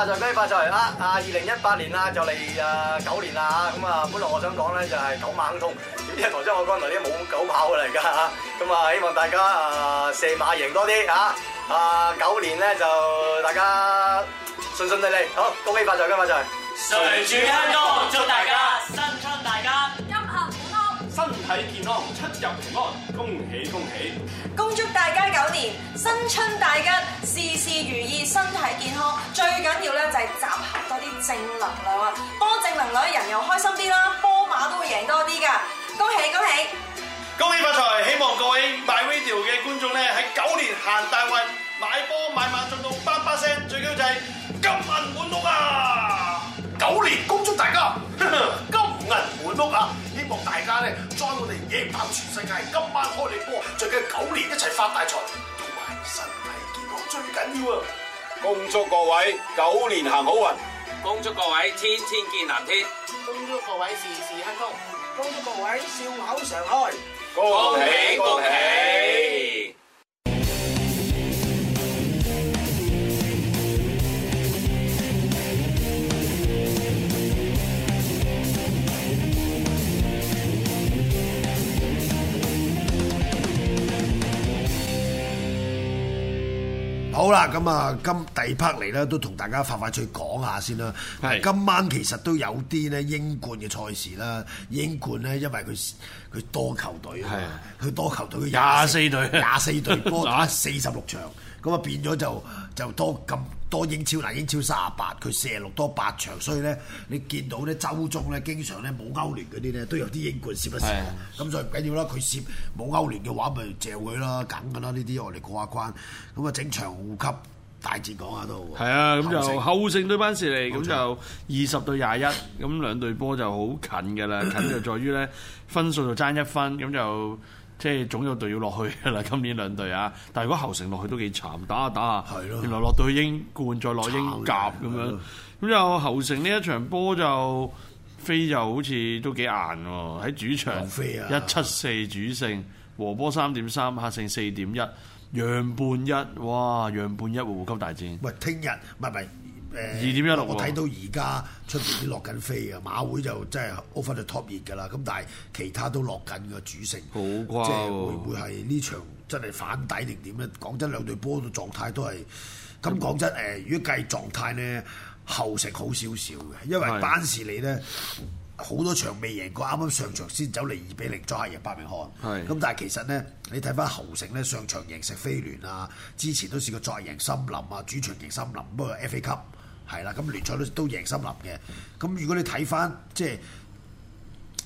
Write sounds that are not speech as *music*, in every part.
發財，發財啊！啊，二零一八年啊，就嚟啊，九年啦吓，咁啊，本來我想講咧就係九馬亨通，點知頭先我剛才啲冇九跑嚟噶吓，咁啊，希望大家啊，射馬贏多啲吓，啊，九年咧就大家順順利利，好，恭喜發財，恭喜發財！隨住香歌，祝大家新春大吉，音諧平安，身體健康，出入平安，恭喜恭喜！大家九年，新春大吉，事事如意，身體健康。最緊要咧就係集合多啲正能量啊！多正能量，人又開心啲啦，波馬都會贏多啲噶。恭喜恭喜，恭喜發財！希望各位買 video 嘅觀眾咧，喺九年行大運，買波買馬，中到叭叭聲，最緊要就係啊，金銀滿屋啊！九年恭祝大家金銀滿屋啊！希望大家咧，將我哋野跑全世界，今晚開你波，最緊係九年一齊發大財，同埋身體健康最緊要啊！恭祝各位九年行好運，恭祝各位天天見藍天，恭祝各位事事亨通，時時哼哼，恭祝各位笑口常開，恭喜恭喜！恭喜恭喜！好啦，咁啊，今第二 part 嚟咧，都同大家快快脆講下先啦。是今晚其實都有啲咧英冠嘅賽事啦，英冠咧，因為佢佢多球隊，佢、啊、多球隊，佢廿四隊，廿四隊，多打四十六場。咁啊變咗就就多咁多英超嗱英超三十八佢四十六多八場，所以咧你見到咧週中咧經常咧冇歐聯嗰啲咧都有啲英冠攝一攝，咁是的 所以唔緊要啦，佢攝冇歐聯嘅話咪借佢啦，梗噶啦呢啲我哋過下關，咁啊整場護級大戰講下都，係啊咁就後勝對班士嚟，咁就二十對廿一，咁沒錯 兩隊波就好近噶啦，近就在於咧分數就爭一分咁就。即係總有隊要落去㗎啦，今年兩隊啊！但係如果侯城落去都幾慘，打下打下，的原來落到去英冠再落英甲咁樣。咁之後、嗯、侯城呢一場波就飛就好似都幾硬喎、啊，喺主場一七四主勝，和波三點三，客勝四點一，讓半一，哇，讓半一護級大戰。喂，聽日唔咪。拜拜。二點一六，我睇到而家出邊啲落緊飛啊。馬會就真係 over 就 top 熱嘅啦。咁但係其他都落緊嘅主城，即係會唔會係呢場真係反底定點咧？講真，兩隊波嘅狀態都係，咁講真誒、呃，如果計狀態呢，侯城好少少嘅，因為班士利呢，好多場未贏過，啱啱上場先走嚟二比零再贏伯明翰。咁的但係其實呢，你睇翻侯城呢，上場贏謝菲聯啊，之前都試過再贏森林啊，主場贏森林，不過 F A 級。係啦，咁聯賽都都贏森林嘅，咁如果你睇翻即係。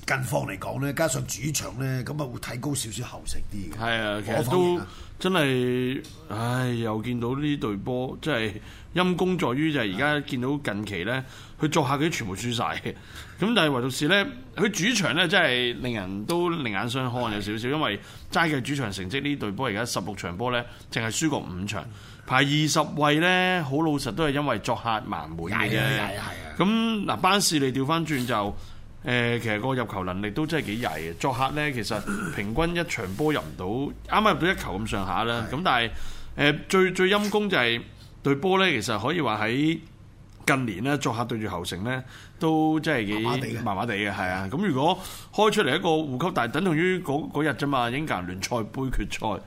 近況嚟講咧，加上主場咧，咁啊會提高少少厚實啲嘅。係啊，其實都真係，唉，又見到呢隊波，真係陰功在於就係而家見到近期咧，佢是、啊、作客佢啲全部輸晒嘅。咁但係唯獨係咧，佢主場咧真係令人都另眼相看有少少，是啊、因為齋計主場成績，呢隊波而家十六場波咧，淨係輸過五場，排二十位咧，好老實都係因為作客盲門嘅啫。係啊係啊。咁嗱、啊啊，班士利調翻轉就。誒其實個入球能力都真係幾曳嘅，作客呢，其實平均一場波入唔到，啱啱入到一球咁上下啦。咁是的 但係誒、呃、最最陰功就係對波呢，其實可以話喺近年呢，作客對住侯城呢都真係幾麻麻地嘅，係啊。咁如果開出嚟一個護級，但係等同於嗰日啫嘛，英格蘭聯賽杯決賽。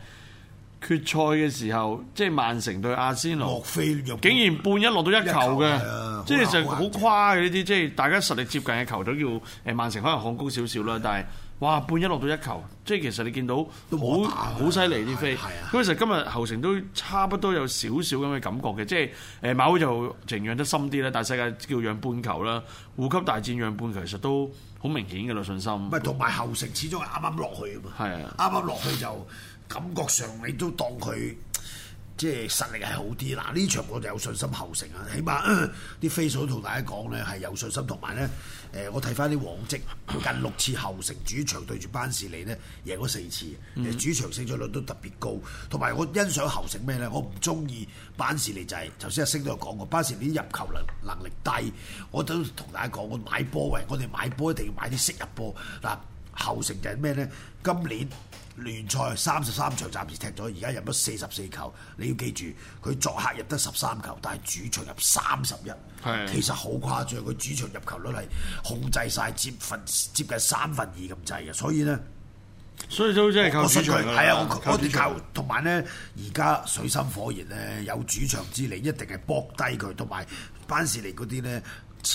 決賽嘅時候，即係曼城對阿仙奴，竟然半一落到一球嘅，即係其實好誇嘅呢啲，即係大家實力接近嘅球隊，叫誒曼城可能抗高少少啦，但係哇，半一落到一球，即係其實你見到好好犀利啲飛，咁其實今日後程都差不多有少少咁嘅感覺嘅，即係誒馬會就情讓得深啲啦。但係世界叫讓半球啦，互級大戰讓半球，其實都好明顯嘅咯，信心。同埋後程始終係啱啱落去啊嘛，啱啱落去就。感覺上你都當佢即係實力係好啲，嗱呢場我哋有信心侯城啊，起碼啲飛數都同大家講咧係有信心，同埋咧誒我睇翻啲往績近六次侯城，主場對住班士利呢，贏咗四次，誒主場勝出率都特別高，同埋我欣賞侯城咩咧？我唔中意班士利就係頭先阿星都有講過，班士利入球能能力低，我都同大家講我買波喎，我哋買波一定要買啲識入波嗱。侯城就係咩呢？今年聯賽三十三場暫時踢咗，而家入咗四十四球。你要記住，佢作客入得十三球，但係主場入三十一。其實好誇張。佢主場入球率係控制晒接近接近三分二咁滯嘅。所以呢，所以都即係靠主場，係啊！我靠我哋球同埋呢，而家水深火熱呢有主場之利，一定係搏低佢，同埋班士利嗰啲呢。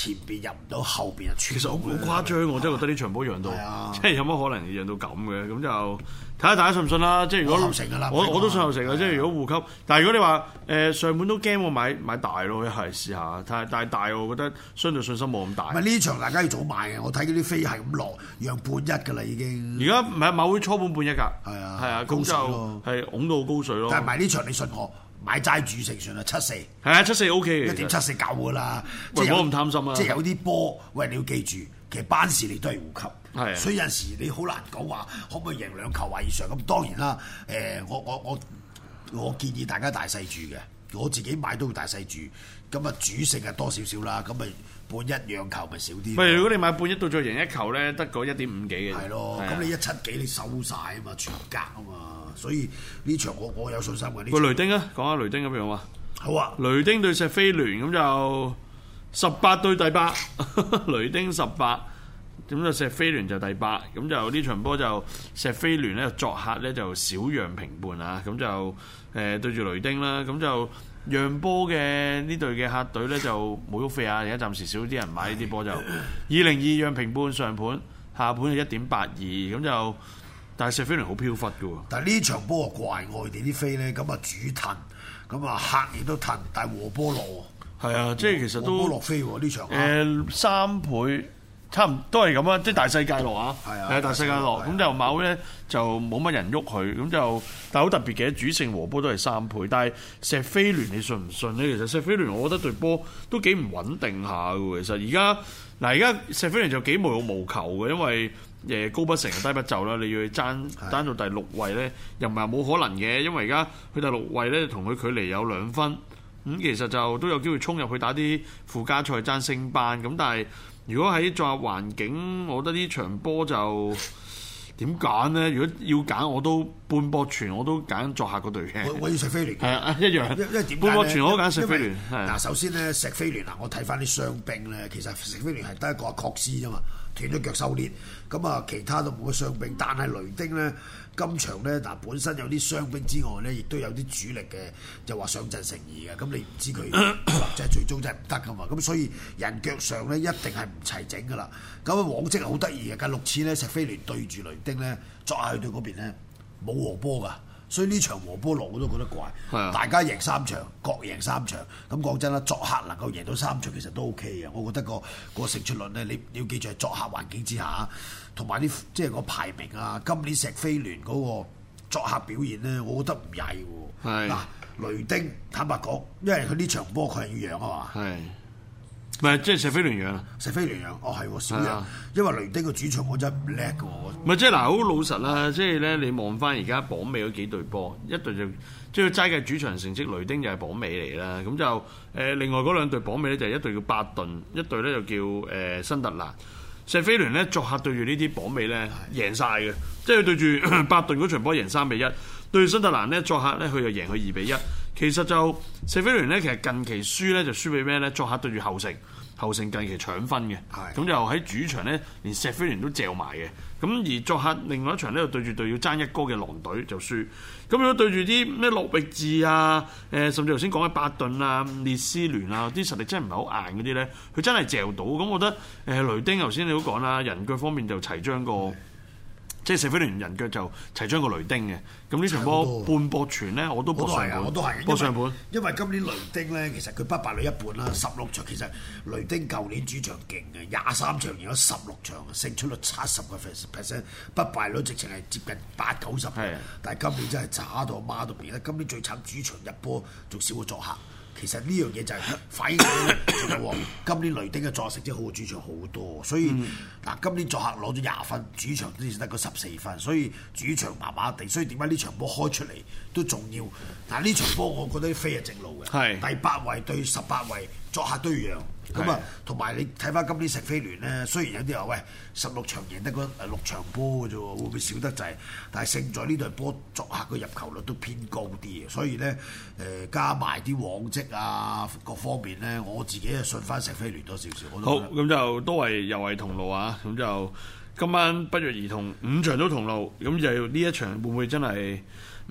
前邊入唔到，後邊又其實好好誇張，吧我真係覺得呢場波讓到，吧即係有乜可能讓到咁嘅？咁就睇下大家信唔信啦。即係如果我成我我都信後成嘅，吧即係如果互級。但係如果你話誒、呃、上盤都驚，我買買大咯，一係試下。但係但係大，我覺得相對信心冇咁大。唔係呢場大家要早買嘅，我睇嗰啲飛係咁落，讓半一㗎喇已經。而家唔係馬會初盤半一㗎，係啊，係啊的，高水咯，係拱到高水咯。係咪呢場你信我？買齋主食上啊七四，係啊七四 OK，一點七四夠噶啦。唔好咁貪心啊即！即係有啲波，喂，你要記住，其實班士利都係護級，是的 所以有時你好難講話可唔可以贏兩球或以上。咁當然啦，誒我我我我建議大家大細住嘅，我自己買都會大細住。咁啊，主勝啊多少少啦，咁咪半一樣球咪少啲。喂，如果你買半一到再贏一球咧，得個一點五幾嘅。係咯，咁你一七幾你收曬啊嘛，全格啊嘛，所以呢場我我有信心嘅。呢個雷丁啊，講下雷丁咁樣好嘛？好啊，雷丁對石飛聯咁就十八對第八，雷丁十八，咁就石飛聯就第八，咁就呢場波就石飛聯咧作客咧就小讓平半啊，咁就誒對住雷丁啦，咁就。讓波嘅呢隊嘅客隊咧就冇喐飛啊，而家暫時少啲人買呢啲波就二零二讓平半上盤，下盤係一點八二咁就，但係石飛龍好飄忽嘅喎。但係呢場波啊怪外地啲飛咧，咁啊主騰，咁啊客亦都騰，但係和波羅係啊，的和即係其實都和波羅飛喎，啊，呢場。誒，呃，三倍。差唔多係咁啊！即係大世界落啊，係啊的，的大世界落咁就冇咧就冇乜人喐佢咁就，但係好特別嘅主勝和波都係三倍，但係錫菲聯你信唔信咧？其實錫菲聯我覺得對波都幾唔穩定下嘅，其實而家嗱而家錫菲聯就幾無欲無求嘅，因為誒高不成低不就啦，你要去爭 *laughs* 爭到第六位咧，又唔係冇可能嘅，因為而家佢第六位咧同佢距離有兩分，咁其實就都有機會衝入去打啲附加賽爭升班。咁，但係。如果喺作客環境，我覺得呢場波就點揀呢？ *laughs* 如果要揀，我都半波全我都揀作客嗰隊嘅。我我要食飛聯，係啊一樣。因為點解咧？半波全我都揀食飛聯。嗱為，啊、首先呢，食飛聯嗱，我睇翻啲傷兵咧，其實食飛聯係得一個確斯啫嘛，斷咗腳受裂，咁啊其他都冇乜傷兵，但係雷丁咧。今場咧，嗱本身有啲傷兵之外咧，亦都有啲主力嘅，就話上陣成疑嘅，咁你唔知佢，即係 *coughs* 最終真係唔得噶嘛，咁所以人腳上咧一定係唔齊整噶啦。咁啊，往績好得意嘅，近六次咧，石飛聯對住雷丁咧，再去到對嗰邊咧，冇和波噶。所以呢場和波落我都覺得怪，的大家贏三場，各贏三場。咁講真啦，作客能夠贏到三場其實都 O K 嘅。我覺得個個勝出論呢，你要記住係作客環境之下，同埋呢即係個排名啊。今年石飛聯嗰個作客表現呢，我覺得唔曳。嗱的、啊，雷丁坦白講，因為佢呢場波佢係贏啊嘛。的唔係，即係石飛聯贏。石飛聯贏，哦係少，的因為雷丁個主場嗰陣唔叻嘅。唔係即係嗱，好老實啦，的即係咧，你望翻而家榜尾嗰幾隊波，一隊就即係齋嘅主場成績，雷丁就係榜尾嚟啦。咁就誒、呃、另外嗰兩隊榜尾咧，就係、一隊叫巴頓，一隊咧就叫誒、呃、新特蘭。石飛聯咧作客對住呢啲榜尾咧贏晒嘅，即係 *laughs* 對住巴頓嗰場波贏三比一。對新特蘭咧，作客咧佢又贏佢二比一。其實就石菲聯咧，其實近期輸咧就輸俾咩咧？作客對住後城，後城近期搶分嘅，咁的就喺主場咧連石菲聯都嚼埋嘅。咁而作客另外一場咧，就對住隊要爭一哥嘅狼隊就輸。咁如果對住啲咩諾域治啊，誒甚至頭先講嘅巴頓啊、列斯聯啊，啲實力真係唔係好硬嗰啲咧，佢真係嚼到。咁我覺得誒、呃、雷丁頭先你都講啦，人腳方面就齊章過。即係四飛聯人腳就齊將個雷丁嘅，咁呢場波半波傳咧我都播上半。我都係啊，我都係。播上半，因為今年雷丁咧，其實佢不敗率一半啦，十六場，其實雷丁舊年主場勁嘅，廿三場贏咗十六場，勝出率七十個 percent，不敗率直情係接近八九十。係的。但係今年真係渣到阿媽都唔認，今年最慘主場入波仲少過作客。其實呢樣嘢就係反映咗喎，今年雷丁嘅作客即係好過主場好多，所以嗱今年作客攞咗廿分，主場先得個十四分，所以主場麻麻地，所以點解呢場波開出嚟都重要？但係呢場波我覺得飛係正路嘅，是第八位對十八位。作客都要贏，咁啊的，同埋你睇翻今年石飛聯呢，雖然有啲話喂十六場贏得嗰六場波嘅啫喎，會唔會少得滯？但係勝在呢隊波作客嘅入球率都偏高啲，所以呢，誒、呃、加埋啲往績啊各方面呢，我自己啊信翻石飛聯多少少。好，咁就多位又係同路啊！咁就今晚不約而同五場都同路，咁就呢一場會唔會真係？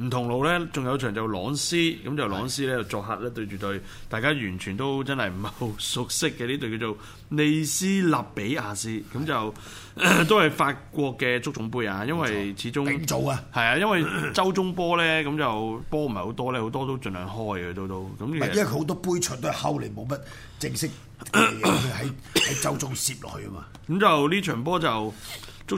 唔同路咧，仲有一場就朗，就朗斯，咁就朗斯咧就作客咧對住對，大家完全都真係唔係好熟悉嘅呢隊叫做利斯納比亞斯，咁就是的 都係法國嘅足總杯啊，因為始終定做早啊，係啊，因為周中波咧咁就波唔係好多咧，好多都盡量開嘅都都，咁因為佢好多杯場都係後嚟冇乜正式喺喺 *coughs* 周中攝落去啊嘛，咁就呢場波就。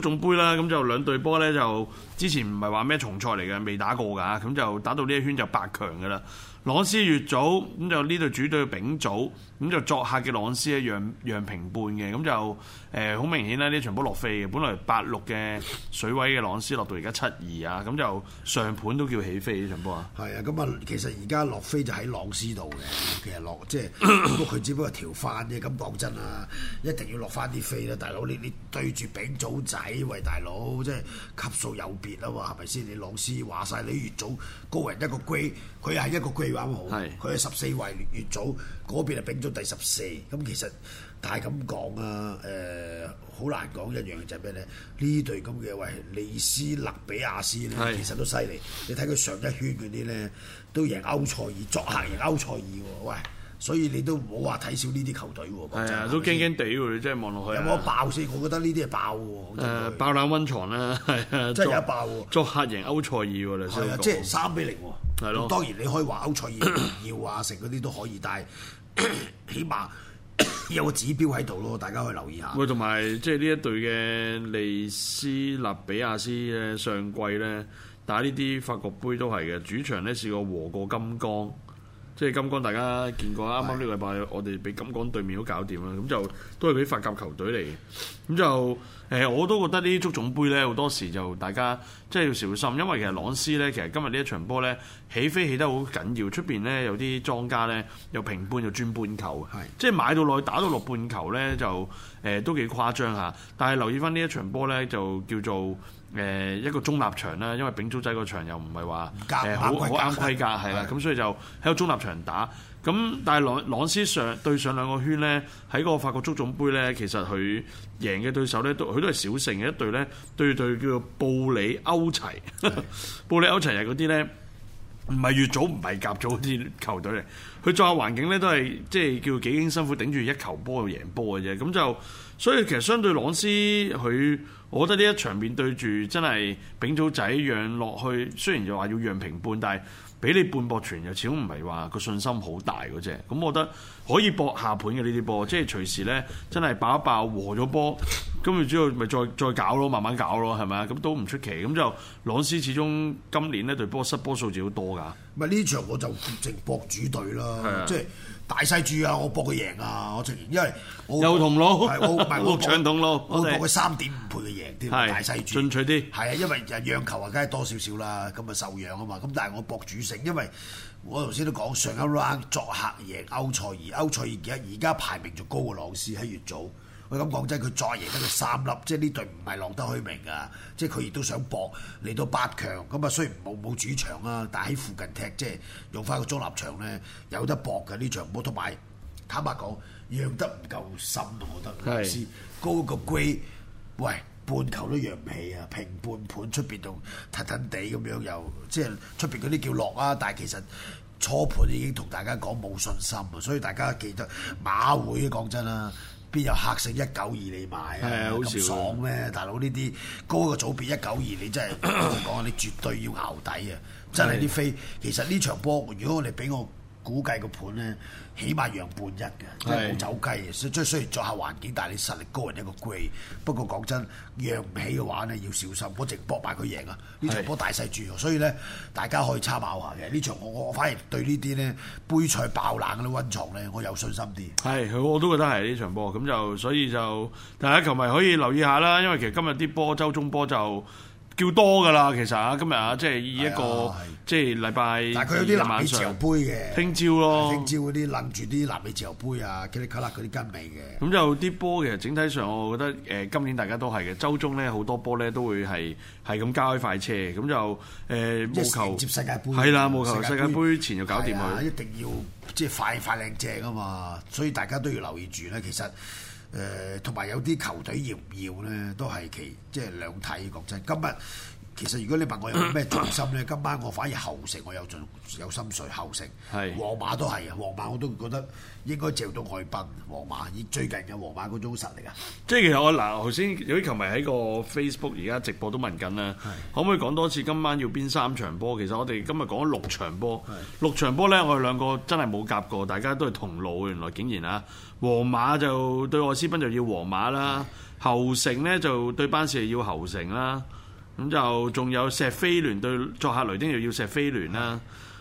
足總杯啦，咁就兩隊波呢，就之前唔係話咩重賽嚟嘅，未打過㗎，咁就打到呢一圈就八強㗎啦。朗斯越早咁就呢度主隊丙組，咁就作客嘅朗斯一讓讓平半嘅，咁就誒好、呃、明顯啦，呢場波落飛嘅，本來八六嘅水位嘅朗斯落到而家七二啊，咁就上盤都叫起飛呢場波啊！係啊，咁啊，其實而家落飛就喺朗斯度嘅，其實落即係，不過佢只不過調翻啫。咁講真啊，一定要落翻啲飛啦，大佬你你對住丙組仔，喂大佬，即係級數有別啊嘛，係咪先？你朗斯話晒，你越早高人一個 grade，佢係一個 grade。啱好，佢係十四位乙組嗰邊係丙咗第十四，咁其實但係咁講啊，誒、呃，好難講一樣嘅就係咩咧？呢隊咁嘅喂，利斯勒比亞斯是其實都犀利。你睇佢上一圈嗰啲咧，都贏歐賽爾，作客贏歐賽爾喎，喂！所以你都唔好話睇少呢啲球隊喎。係啊，都驚驚哋，你真係望落去。有冇、啊、爆先？我覺得呢啲係爆喎、呃，爆冷溫床啦，係啊，即係有一爆。作，作客贏歐賽爾，係啊，即係三比零。咁當然你可以話歐賽爾要，要啊， *coughs* 成嗰啲都可以，但係 *coughs* 起碼有個指標喺度咯，大家可以留意下。喂，同埋即係呢一隊嘅利斯納比亞斯咧，上季咧打呢啲法國杯都係嘅，主場咧試過和過金剛。即係金剛，大家見過啱啱呢個禮拜，剛剛我哋俾金剛對面都搞掂啦，咁是的 就都係俾法甲球隊嚟嘅，咁就誒、呃、我都覺得呢啲足總杯咧好多時就大家即係要小心，因為其實朗斯咧，其實今日呢一場波咧起飛起得好緊要，出邊咧有啲莊家咧又平半又轉半球，是的 即係買到落去打到落半球咧就誒、呃、都幾誇張吓，但係留意翻呢一場波咧就叫做。誒一個中立場啦，因為丙組仔個場又唔係話誒好好啱規格係啦，咁所以就喺個中立場打。咁但係朗朗斯上對上兩個圈咧，喺個法國足總杯咧，其實佢贏嘅對手咧，都佢都係小勝嘅一隊咧，對，對對叫做布里歐齊，是的 *laughs* 布里歐齊係嗰啲咧。唔係越早，唔係夾早啲球隊嚟，佢作下環境咧，都係即係叫幾經辛苦頂住一球波贏波嘅啫。咁就所以其實相對朗斯佢，我覺得呢一場面對住真係丙組仔讓落去，雖然就話要讓平半，但係。俾你半博全又始終唔係話個信心好大嗰啫，咁我覺得可以博下盤嘅呢啲波，即係隨時咧真係爆一爆和咗波，咁然 *laughs* 之後咪再再搞咯，慢慢搞咯，係咪啊？咁都唔出奇，咁就朗斯始終今年呢隊波失波數字好多㗎。唔係呢場我就淨博主隊啦，即係。大細注啊！我搏佢贏啊！我出，因為我長筒路，我唔係我長筒路，我搏佢三點五倍嘅贏啲、啊、是大細注，進取啲。係啊，因為讓球啊，梗係多少少啦。咁啊受讓啊嘛。咁但係我搏主勝，因為我頭先都講上一 round 作客贏歐塞爾，而歐塞爾而家而家排名就高嘅、啊、朗斯喺月組。佢咁講真，佢再贏得佢三粒，即係呢隊唔係浪得虛名㗎。即係佢亦都想搏嚟到八強。咁啊，雖然冇冇主場啊，但係喺附近踢，即係用翻個中立場咧，有得搏㗎呢場。唔好同埋坦白講，讓得唔夠深我覺得。是高個龜，喂，半球都讓唔起啊！平半盤出邊同騰騰地咁樣，又即係出邊嗰啲叫落啊！但係其實初盤已經同大家講冇信心啊，所以大家記得馬會講真啦。邊有客食一九二你買啊咁爽咩？大佬，呢啲高個組別一九二，你真係講 *coughs* *coughs* 你絕對要淆底啊！ *coughs* 真係啲飛，的其實呢場波如果你俾我。估計個盤咧，起碼讓半一嘅，即係冇走雞嘅，雖是雖然作下環境，但係你實力高人一個 gear。不過講真，讓唔起嘅話咧，要小心，我直博埋佢贏啊！呢是場波大細注，所以咧大家可以參考下嘅。呢場我我反而對呢啲咧杯賽爆冷嗰啲温床咧，我有信心啲。係，我都覺得係呢場波咁就，所以就大家球迷可以留意下啦，因為其實今日啲波周中波就。叫多噶啦，其實啊，今日啊，啊即係一個即係禮拜啲南美自由杯嘅，聽朝咯，聽朝嗰啲諗住啲南美自由杯啊，吉力卡啦嗰啲跟尾嘅。咁就啲波其實整體上，我覺得誒、呃、今年大家都係嘅。周中咧好多波咧都會係係咁加開快車，咁就誒。即、呃、係接世界盃，係啦、嗯，冇球、啊、世界盃前就搞掂啊。一定要即係、就是、快快靚正啊嘛，所以大家都要留意住咧，其實。誒，同埋有啲球隊要唔要呢，都係其即係兩體國際。今日。其實，如果你問我有咩信心咧，今晚我反而後城我有盡有心水後城，皇馬都係啊，皇馬我都覺得應該照到外賓。皇馬以最近嘅皇馬嗰種實力啊，即係其實嗱，頭先有啲球迷喺個 Facebook 而家直播都問緊啦，可唔可以講多次今晚要邊三場波？其實我哋今日講咗六場波，六場波咧，我哋兩個真係冇夾過，大家都係同路，原來竟然啊，皇馬就對愛斯賓就要皇馬啦，後城咧就對班士要後城啦。咁就仲有石飛聯對作客雷丁又要石飛聯啦，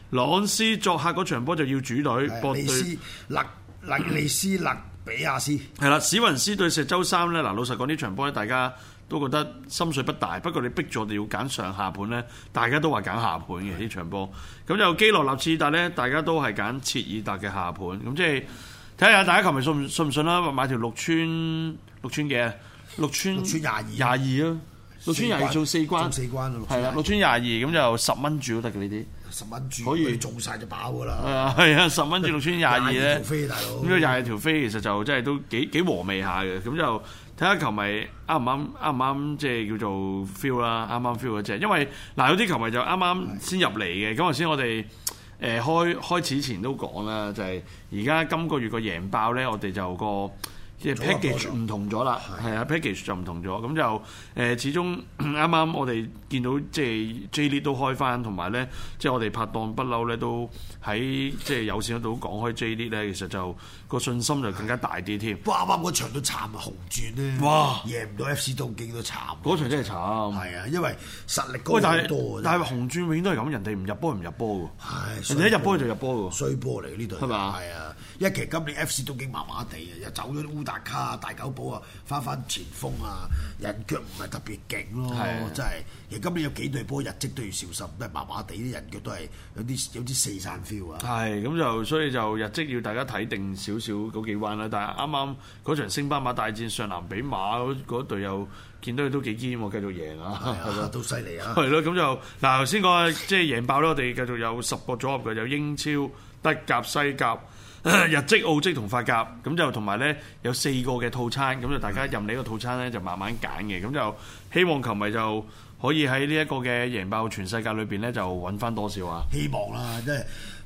朗斯作客嗰場波就要主隊的博對 斯勒勒利斯勒比亞斯。係啦，史雲斯對石周三咧，嗱老實講呢場波咧，大家都覺得心水不大。不過你逼咗，就要揀上下盤咧，大家都話揀下盤嘅呢是的 場波。咁就基羅納切爾達咧，大家都係揀切爾達嘅下盤。咁即係睇下大家琴日信唔信唔信啦，買條六串六串嘅六串六廿二廿二咯。六串廿二做四關四關，係啦對。六串廿二咁就十蚊注都得嘅呢啲。十蚊注可以做晒就飽噶啦。係啊，啊十蚊注六串廿二啫，啊。咁呢廿二條飛其實就真係都幾幾和味下嘅。咁、嗯、就睇下球迷啱唔啱，啱唔啱即係叫做 feel 啦，啱啱 feel 即只。因為嗱、啊、有啲球迷就啱啱先入嚟嘅。咁頭先我哋誒、呃、開開始前都講啦，就係而家今個月個贏爆咧，我哋就個。即係 package 唔同咗啦，係啊 package 就唔同咗，咁就誒始終啱啱我哋見到即係、就是、J-League 都開翻，同埋咧即係我哋拍檔不嬲咧都喺即係有線嗰度講開 J-League 咧，其實就個信心就更加大啲添。哇哇的！嗰場都慘啊，紅鑽咧，哇贏唔到 FC 都幾到慘。嗰場真係慘。係啊，因為實力高好多，但係的紅鑽永遠都係咁，人哋唔入波唔入波㗎。人哋一入波就入波㗎。衰波嚟嘅呢度。係嘛？係啊。一其實今年 F.C. 都幾麻麻地嘅，又走咗烏達卡大狗堡啊，翻翻前鋒啊，人腳唔係特別勁咯，是的 真係。其實今年有幾隊波日績都要小心，都係麻麻地啲人腳都係有啲有啲四散 feel 啊。係咁就所以就日績要大家睇定少少嗰幾彎啦。但係啱啱嗰場星巴馬大戰上南比馬嗰隊又見到佢都幾堅喎，我繼續贏的的啊！係啊，都犀利啊！係咯，咁就嗱頭先講即係贏爆啦！我哋繼續有十個組合嘅，有英超、德甲、西甲。 *laughs* 日職澳職同法甲，咁就同埋呢有四個嘅套餐，咁就大家任你一個套餐呢，就慢慢揀嘅，咁就希望球迷就可以喺呢一個嘅贏爆全世界裏邊呢，就揾翻多少啊？希望啦、啊，即係。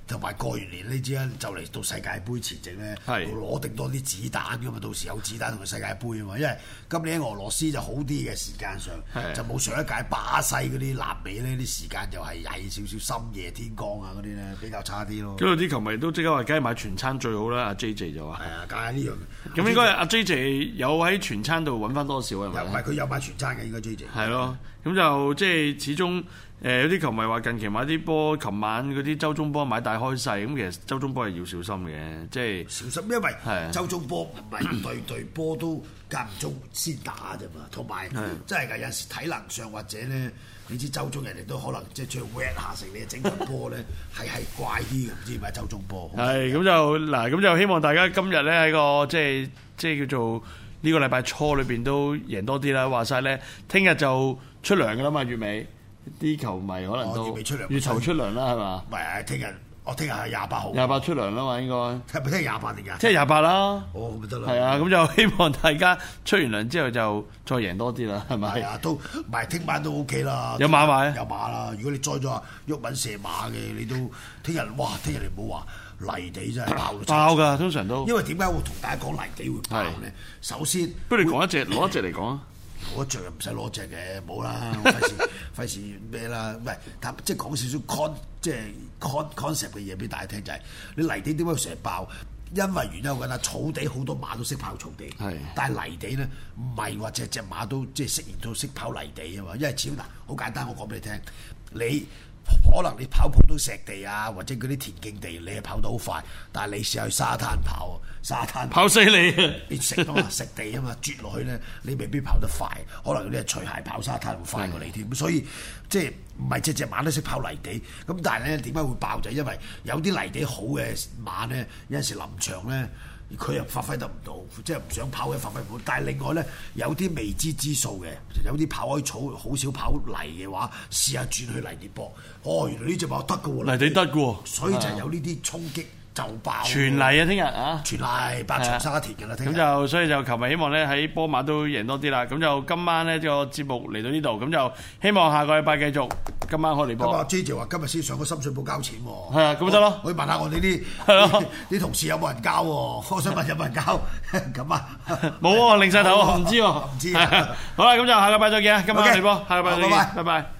同埋過完年呢支咧，就嚟到世界盃前夕咧，攞是定多啲子彈噶嘛，到時有子彈同埋世界盃啊嘛。因為今年喺俄羅斯就好啲嘅時間上，是就冇上一屆巴西嗰啲南美呢啲時間，就係矮少少深夜天光啊嗰啲咧比較差啲咯。咁啊、嗯，啲球迷都即刻話：梗係買全餐最好啦！阿 J J 就話。係啊，梗係呢樣。咁應該阿 J J 有喺全餐度揾翻多少啊？又唔係，唔係佢有買全餐嘅，應該 J J。係咯。咁就即係始終誒有啲球迷話近期買啲波，琴晚嗰啲周中波買大開細，咁其實周中波係要小心嘅，即係小心，因為周中波唔係對對波 *coughs* 都間唔中先打啫嘛，同埋的真係有時體能上或者咧，你知周中人哋都可能即係出去甩下成，你整場波咧係係怪啲嘅，唔 *laughs* 知點解周中波。係咁、 *coughs* *coughs* 嗯、就嗱，咁就希望大家今日咧喺個即係即係叫做呢個禮拜初裏邊都贏多啲啦。話晒咧，聽日就。 *coughs* 出糧噶啦嘛，月尾啲球迷可能都未出糧，月頭出糧啦，係嘛？喂，係誒，聽日我聽日係廿八號。廿八出糧啦嘛，應該。係咪聽日廿八定廿？聽日廿八啦。哦，咁咪得啦。係啊，咁就希望大家出完糧之後就再贏多啲啦，係咪？係啊，都唔係聽晚都 OK 啦。有馬買？有馬啦，如果你再咗話，毓民射馬嘅，你都聽日哇，聽日你唔好話泥地真係爆嘅，通常都。因為點解會同大家講泥地會爆咧？首先不如講一隻，攞一隻嚟講啊！我著唔使攞隻嘅，冇啦，費事費事咩啦？喂，即係講少少 con 即係 con concept 嘅嘢俾大家聽就係、是，你泥地點解成日爆？因為原因我覺得草地好多馬都識跑草地，但係泥地咧唔係話隻隻馬都即係適應到識跑泥地啊嘛，因為始嗱好簡單，我講俾你聽，你。可能你跑普通石地啊，或者嗰啲田徑地，你啊跑得好快。但係你試下去沙灘跑，沙灘跑死你，變石啊，石地啊嘛，跌落 *laughs* 去咧，你未必跑得快。可能嗰啲係除鞋跑沙灘會快過你添。是的 所以即係唔係隻隻馬都識跑泥地。咁但係咧，點解會爆就係因為有啲泥地好嘅馬咧，有陣時臨場咧。佢又發揮得唔到，即係唔想跑嘅發揮唔到。但係另外咧，有啲未知之數嘅，有啲跑開草，好少跑泥嘅話，試下轉去泥地波。哦，原來呢隻博得嘅喎，泥地得嘅喎，所以就係有呢啲衝擊。就爆！全嚟啊！聽日啊，全嚟！百場沙田㗎啦！聽日咁就，所以就琴日希望咧喺波馬都贏多啲啦。咁就今晚咧呢個節目嚟到呢度，咁就希望下個禮拜繼續。今晚開你波。咁阿 J J 話今日先上個深水埗交錢喎。係啊，咁咪得咯。可以問下我哋啲啲同事有冇人交喎？我想問有冇人交？咁啊，冇喎，擰曬頭，唔知喎。唔知。好啦，咁就下個禮拜再見啊！今晚開你波，下個禮拜，拜拜。